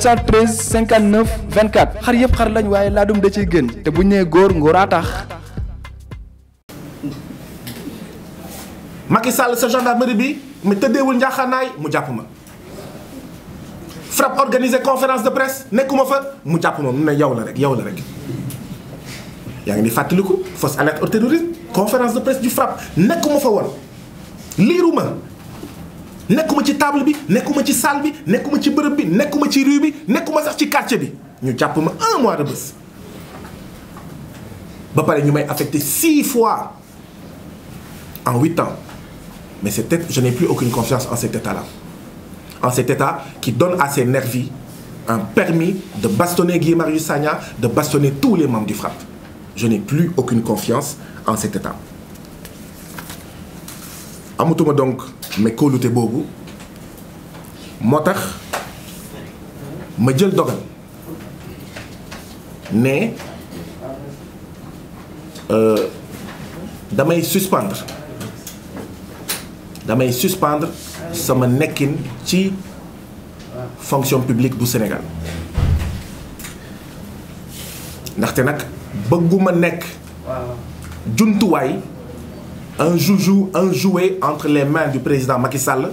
713 59 24 xar yëpp xar lañ waaye laadum da ciy génn te bu ñu nee góor ngóoraa tax. Macky Sall sa gendarmerie bi mu tëddeewul njaaxaanaay mu jàpp ma. FRAPP organiser conférence de presse nekkuma fa mu jàpp ma mu ne yow la rek yow la yaa ngi ni fàttaliku fausse alerte au terrorisme conférence de presse du FRAPP nekkuma fa woon liiruma. nekku ma ci taable bi nekkuma ci salle bi nekkuma ci bërëb bi nekkuma ci rue bi ma sax ci quartier bi ñu jàpp ma un mois de bés ba pare ñu may affecté six fois en huit ans mais c'était je n'ai plus aucune confiance en cet état-là en cet état qui donne à ses nervis un permis de bastonner Guy Marius Sagna de bastonner tous les membres du FRAPP je n'ai plus aucune confiance en cet état amatuma donc mais kóolute boobu moo tax ma jël dogal ne euh, damay suspendre damay suspendre sama nekkin ci fonction publique bu Sénégal ndaxte nag bëgguma nekk juntuwaay un joujou un jouet entre les mains du président Macky Sall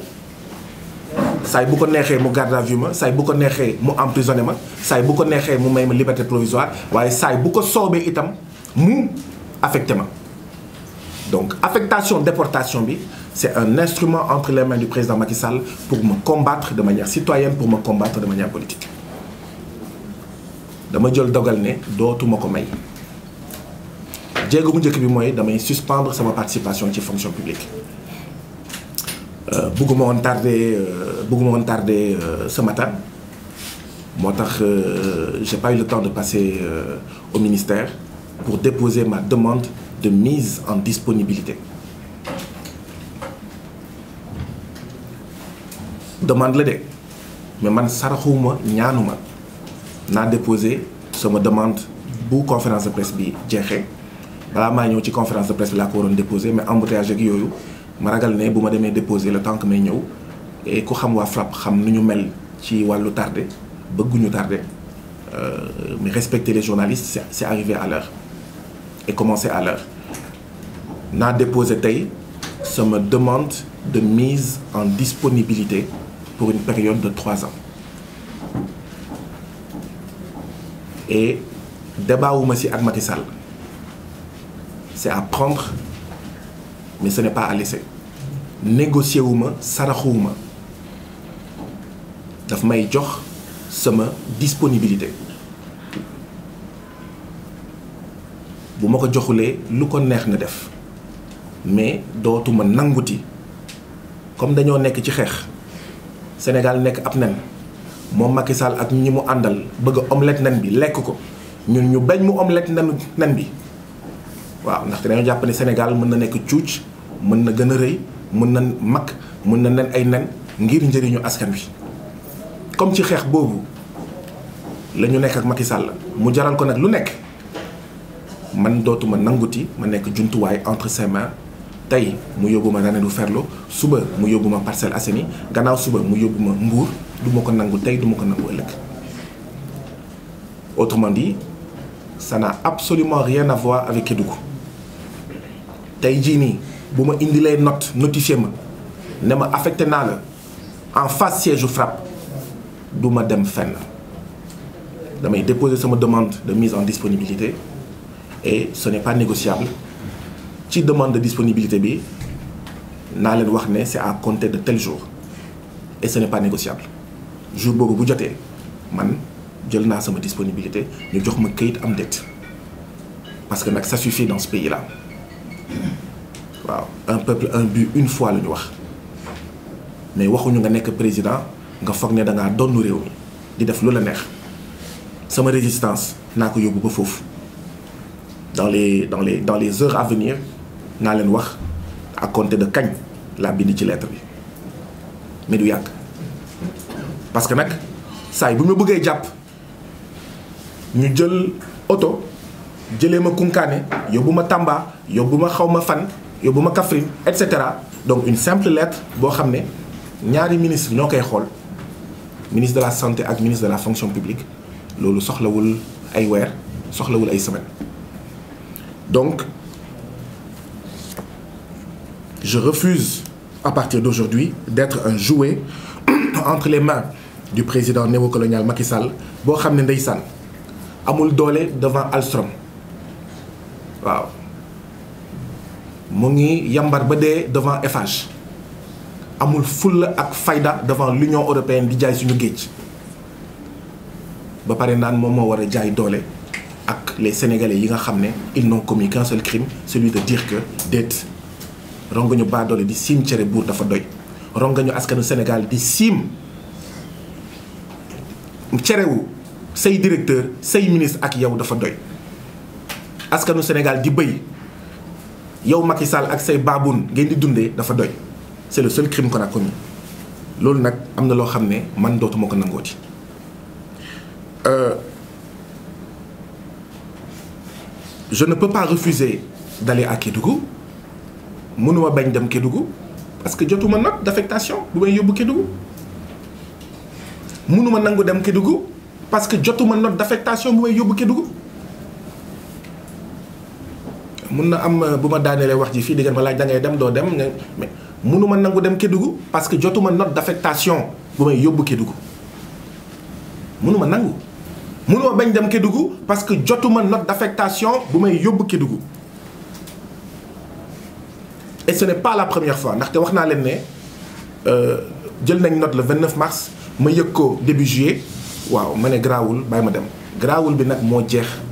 saay bu ko neexee mu garde à vue ma saay bu ko neexee mu emprisonné ma saay bu ko neexee mu may ma liberté provisoire waaye saay bu ko soobee itam mu affecté ma donc affectation déportation bi c'est un instrument entre les mains du président Macky Sall pour me combattre de manière citoyenne pour ma combattre de manière politique dama jël dogal ne dootuma ko may jéego bu njëkk bi mooy damay suspendre sama participation ci fonction publique euh, bëgguma woon tardé euh, bëgguma woon tardé euh, ce matin moo tax j'ai pas eu le temps de passer euh, au ministère pour déposer ma demande de mise en disponibilité demande la de mais man saraxuma ñaanuma naa déposer sama demande bu conférence de presse bi jeexee balaa maa ñëw ci conférence de presse bi laa ko waroon déposé mais embouteillage ak yooyu ma ragal ne bu ma demee déposé le temps que may ñëw et ku xam waa FRAPP xam nu ñu mel ci wàllu tardé bëgguñu tardé euh, mais respecter les journalistes c'est arrivé à l'heure et commencer à l'heure naa déposé tey sama demande de mise en disponibilité pour une période de trois ans et débat wu ma si ak Sall c'est à prendre mais ce n'est pas à laisser wu ma saraxuwu ma daf may jox sama disponibilité bu ma ko joxulee lu ko neex na def mais dootuma nanguti comme dañoo nekk ci xeex Sénégal nekk ab nen moom Macky Sall ak ñi mu àndal bëgg a omelette nen bi lekk ko ñun ñu bañ mu omelette nen nen bi waaw ndaxte dañoo jàpp ne Sénégal mën na nekk cuuc mën na gën a rëy mën na mag mën na nen ay nen ngir njëriñu askan wi. comme ci xeex boobu la ñu nekk ak Macky Sall mu jaral ko nag lu nekk man dootuma nanguti ma nekk jumtuwaay entre ses tey mu yóbbu ma du ferlu suba mu yóbbu ma Parcelles Assainies gannaaw suba mu yóbbu ma Mbour du ma ko nangu tey du ma ko nangu ëllëg autrement dit ça n'a absolument rien à avec Kédougou tey jii nii bu ma indilee note notifié ma ne ma affecté naa la en face siège frappe du ma dem fenn damay déposer sama demande de mise en disponibilité et ce n'est pas négociable ci demande de disponibilité bi naa leen wax ne c'est à compter de tel jour et ce n'est pas négociable jour boobu bu jotee man jël naa sama disponibilité ñu jox ma këyit am dette parce que nag ça suffit dans pays-là waaw un peuple un but une fois la ñu wax mais waxuñu nga nekk président nga foog ne da ngaa donn réew mi di def lu la neex sama résistance naa ko yóbbu ba foofu dans les dans les dans les heures à naa leen wax à compter de kañ laa bind ci lettre bi mais du yàgg parce que nag saa yi bu ma bëggee jàpp ñu jël oto. jëlee ma Kounkané yóbbu ma Tamba yóbbu ma xaw ma fan yóbbu ma Kaffrine et cetera donc une simple lettre boo xam ne ñaari ministre ñoo koy xool ministre de la santé ak ministre de la fonction publique loolu soxlawul ay weer soxlawul ay semaine donc je refuse à partir d'aujourd'hui d'être un jouet entre les mains du président néocolonial Macky Sall boo xam ne ndeysaan amul doole devant Alstom mu ngi yambar ba dee devant Eiffage amul fulla ak fayda devant l'Union européenne di jaay suñu géej ba pare naan moom moo war a jaay doole ak les sénégalais yi nga xam ne ils n'ont commis qu'un crime celui de dire que déet rongañu baa doole di siim cere buur dafa doy nga ñu askanu Sénégal di siim cerewu say directeur say ministre ak yow dafa doy askanu Sénégal di bëy yow Macky Sall ak say baaboon ngeen di dundee dafa doy c'est le seul crime qu'on a loolu nag am na loo xam ne man dootuma ko nangooti euh, je ne peux pas refuser d'aller à Kédougou mënuma bañ dem Kédougou parce que jotuma note d'affectation bu may yóbbu Kédougou mënuma nangu dem Kédougou parce que jotuma note d'affectation bu may yóbbu Kédougou mun na am euh, bu ma daanelee wax ji fii di ngeen ma laaj dangay dem doo dem mais munu ma nangu dem Kédougou parce que jotuma note d'affectation bu may yóbbu Kédougou munu ma nangu. munuma bañ dem Kédougou parce que jotuma note d'affectation bu may yóbbu Kédougou et ce n'est pas la première fois ndaxte wax naa leen ne euh, jël nañ note le 29 mars ma yëg ko début juillet waaw ma ne garaawul bàyyi ma dem garaawul bi nag moo jeex.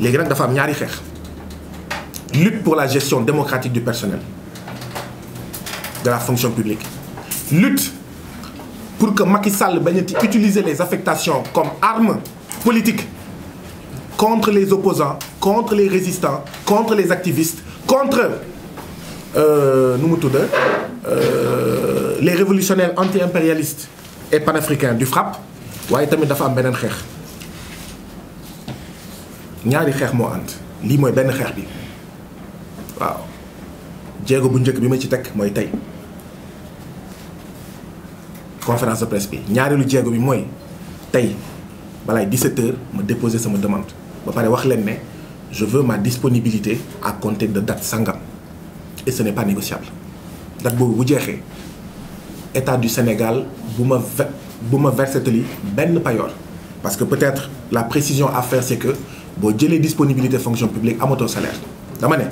léegi nag dafa am ñaari xeex lutte pour la gestion démocratique du personnel de la fonction publique lutte pour que Macky Sall bañati utiliser les affectations comme arme politique contre les opposants contre les résistants contre les activistes contre euh, nu mu tudd euh, les révolutionnaires anti-impérialistes et panafricains du FRAPP waaye tamit dafa am beneen xeex ñaari xeex moo ant lii mooy benn xeex bi waaw jéego bu njëkk bi ma ci teg mooy tey conférence de presse bi ñaareelu jéego bi mooy tey balaay 17h ma déposer sama demande ba pare wax leen ne je veux ma disponibilité ak compter de date sangam et ce n'est pas négociable date boobu bu jeexee état du Sénégal bu ma bu ma versetali benn payoor parce que peut-être la précision affaire faire c'est que boo jëlee disponibilité fonction publique amatoo salaire dama ne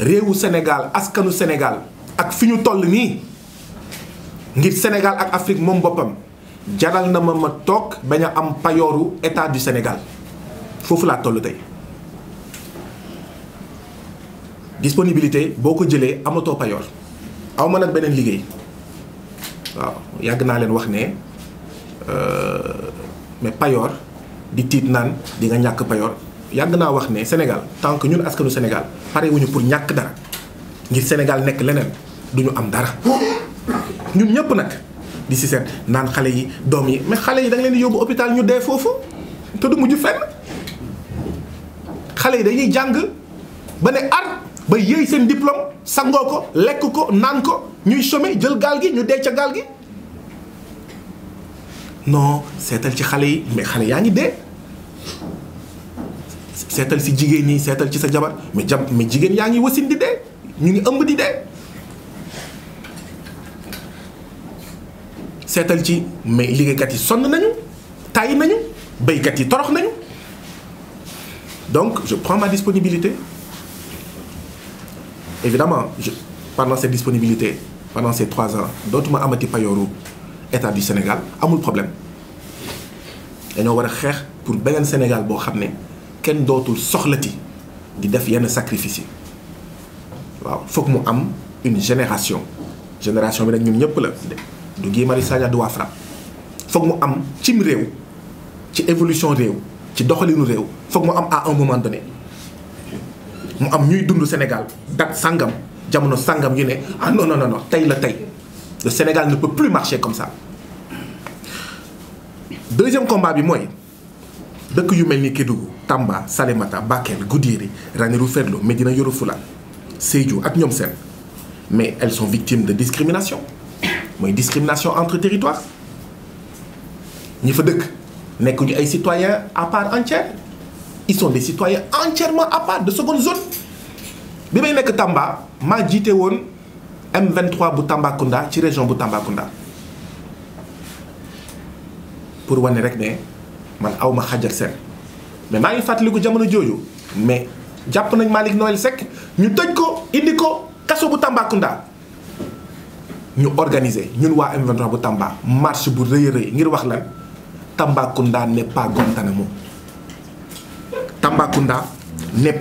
réewu Sénégal askanu Sénégal ak fi ñu toll nii ngir Sénégal ak Afrique moom boppam jaral na ma ma toog bañ a am payooru état du Sénégal foofu laa toll tey disponibilité boo ko jëlee amatoo payoor aw ma nag beneen liggéey waaw yàgg naa leen wax ne euh, mais payoor di tiit naan di ñàkk payoor yàgg naa wax ne Sénégal tant ñun askanu senegal pare wuñu pour ñàkk dara ngir Sénégal nekk leneen du ñu am dara ñun ñëpp nag di si seet naan xale yi doom yi mais xale yi da nga leen di yóbbu hôpital ñu dee foofu te du mujj fenn xale yi dañuy jàng ba ne ar ba yéey seen diplôme sangoo ko lekk ko naan ko ñuy chômer jël gaal gi ñu dee ca gaal gi. non seetal ci xale yi mais xale yaa ngi dee seetal si jigéen ñi seetal ci sa jabar mais jab mais jigéen yaa ngi wasin di dee ñu ngi ëmb di dee seetal ci mais liggéeykat yi sonn nañu tàyyi nañu béykat yi torox nañu donc je prends ma disponibilité évidemment je pendant cette disponibilité pendant ces trois ans dootuma amati payooru état du Sénégal amul problème dañoo war a xeex pour beneen Sénégal boo xam ne kenn dootul soxlati di def yenn sacrifice yi waaw foog mu am une génération génération bi nag ñun ñëpp la du Guy Marius du waa FRAPP foog mu am cim réew ci évolution réew ci doxalinu réew foog mu am à un moment donné mu am ñuy dund Sénégal dat sàngam jamono sàngam yu ne ah non non non tey la tey. le Sénégal ne peut plus marché comme ça deuxième combat bi mooy dëkk yu mel ni Kédougou Tamba Salémata Bakel Goudiri Ranérou Ferlo Médina Yoro fula Sédhiou ak ñoom seen mais elles sont victimes de discrimination mooy discrimination entre territoires ñi fa dëkk nekk ñu ay citoyens à part entière ils sont des citoyens entièrement à part de seconde zone bi may nekk Tamba maa jiite woon. M23 bu Tambacounda ci région bu Tambacounda pour wane rek ne man aw ma xàjj ak seen mais maa ngi fàttaliku jamono jooju mais jàpp nañ Malick Noël Seck ñu tëj ko indi ko kaso bu Tambacounda ñu organiser ñun waa M23 bu Tamba marche bu rëy rëy ngir wax lan Tambacounda n'est pas Guantanamo Tambacounda n'est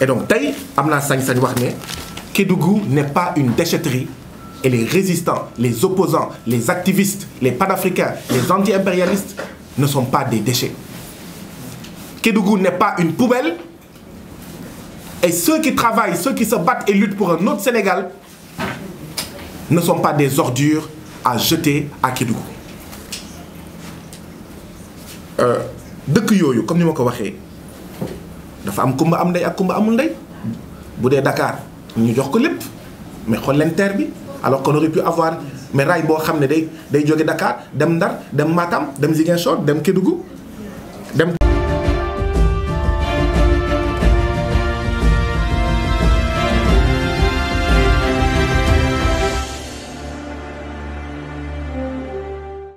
et donc tey am naa sañ-sañ wax ne Kédougou n'est pas une déchetterie et les résistants les opposants les activistes les panafricains les anti-impérialistes ne sont pas des déchets Kédougou n'est pas une poubelle et ceux qui travaillent ceux qui se battent et luttent pour un autre Sénégal ne sont pas des ordures à jeter à Kédougou euh, dëkk yooyu comme ni ma ko waxee dafa am kumba am ndey ak kumba amul ndey bu dee Dakar ñu jox ko lépp mais xool leen terre bi alors qu'on aurait avoir mais raay boo xam ne day day jóge Dakar dem Ndar dem Matam dem Ziguinchor dem Kédougou